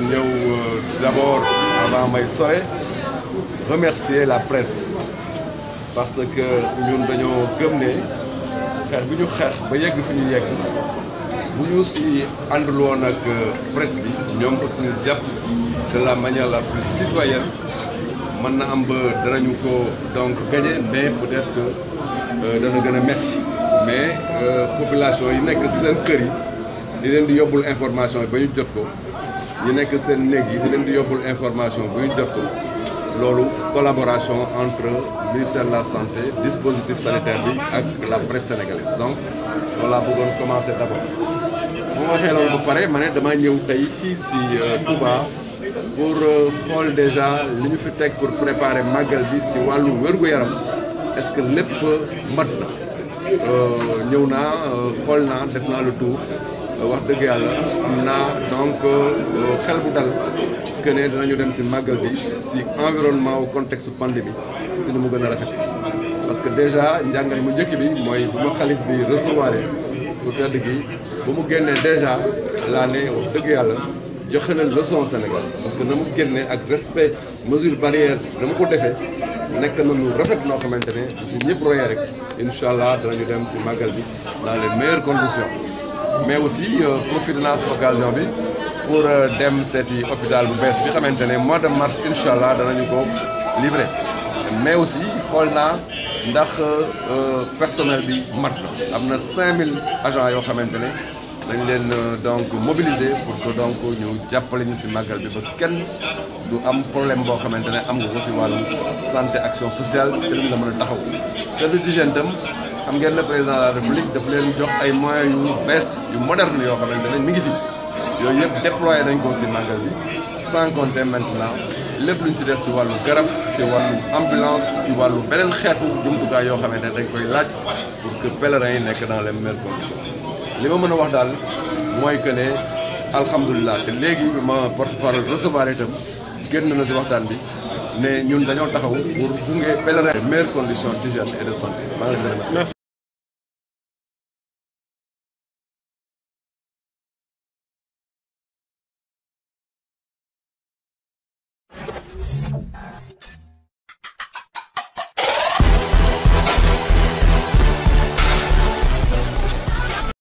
ñëw euh, d'abord avant may sore remercier la presse parce que ñun dañoo gëm ne xeex bi ñu xeex ba yegg fi ñu yegg bu ñu si àndul woon ak euh, presque bi ñoom aussi ñu jàpp si de la manière la plus mën na am ba danañu ko donc gagné mais peut-être euh, dana gën a métti mais euh, population yi nekk si seen kër yi di leen di yóbbul information yi ba ñu jot ko ñu nekk seen néeg yi di leen di yóbbul information ba ñu jot ko. loolu collaboration entre ministère la santé dispositif sanitaire bi ak la presse sénégalaise donc loolu laa bëggoon commencer d'abord bu ma waxee loolu ba pare ma ne damaa ñëw tey fii si euh, Touba pour euh, xool déjà li ñu fi teg pour préparer màggal bi si wàllu wér-gu-yaram est-ce que lépp mat na euh, ñëw naa xool naa def naa le tour wax dëgg yàlla am naa donc euh, xel bu dal que ne danañu dem si màggal bi si environnement au contexte pandémie si ni mu gën a rafet parce que déjà njàngal mu njëkk bi mooy bu ma xalif bi recevoir bu tedd gi bu mu génnee déjà laa ne wax dëgg yàlla joxe na leçon Sénégal parce que na génnee ak respect mesure barrière na mu ko defee nekk na lu rafet noo xamante ne si ñëpp royee rek incha allah danañu dem si màggal bi dans les meilleures conditions mais aussi profité naa si occasion bi pour euh, dem seeti hôpital bu bees bi xamante ne mois de mars incha allah danañu ko livré mais aussi xool naa ndax euh, personnel bi mat na am na 5000 agents yoo xamante ne dañ leen euh, donc mobiliser pour que donc ñu jàppale ñu si màggal bi ba kenn du am problème boo xamante ne am nga ko si wàllu santé action sociale te duñ la mën a taxaw service d'hygiène tam xam ngeen ne président de la daf leen jox ay moyens yu bees yu moderne yoo xamante ne mi ngi fi yooyu yëpp déployé nañ koo si màggal bi sans compter maintenant lépp luñ si def si wàllu garab si wàllu ambulance si wàllu beneen xeetu jumtukaay yoo xamante ne dañ koy laaj pour que pèlerins yi nekk dans les meilleures conditions li ma mën a wax daal mooy que ne alhamdulilah te léegi ma porte parole recevoir itam génn na si waxtaan bi. ne ñun dañoo taxaw pour gunge pèlerin les meilleures conditions d'hygiène maa ngi leen di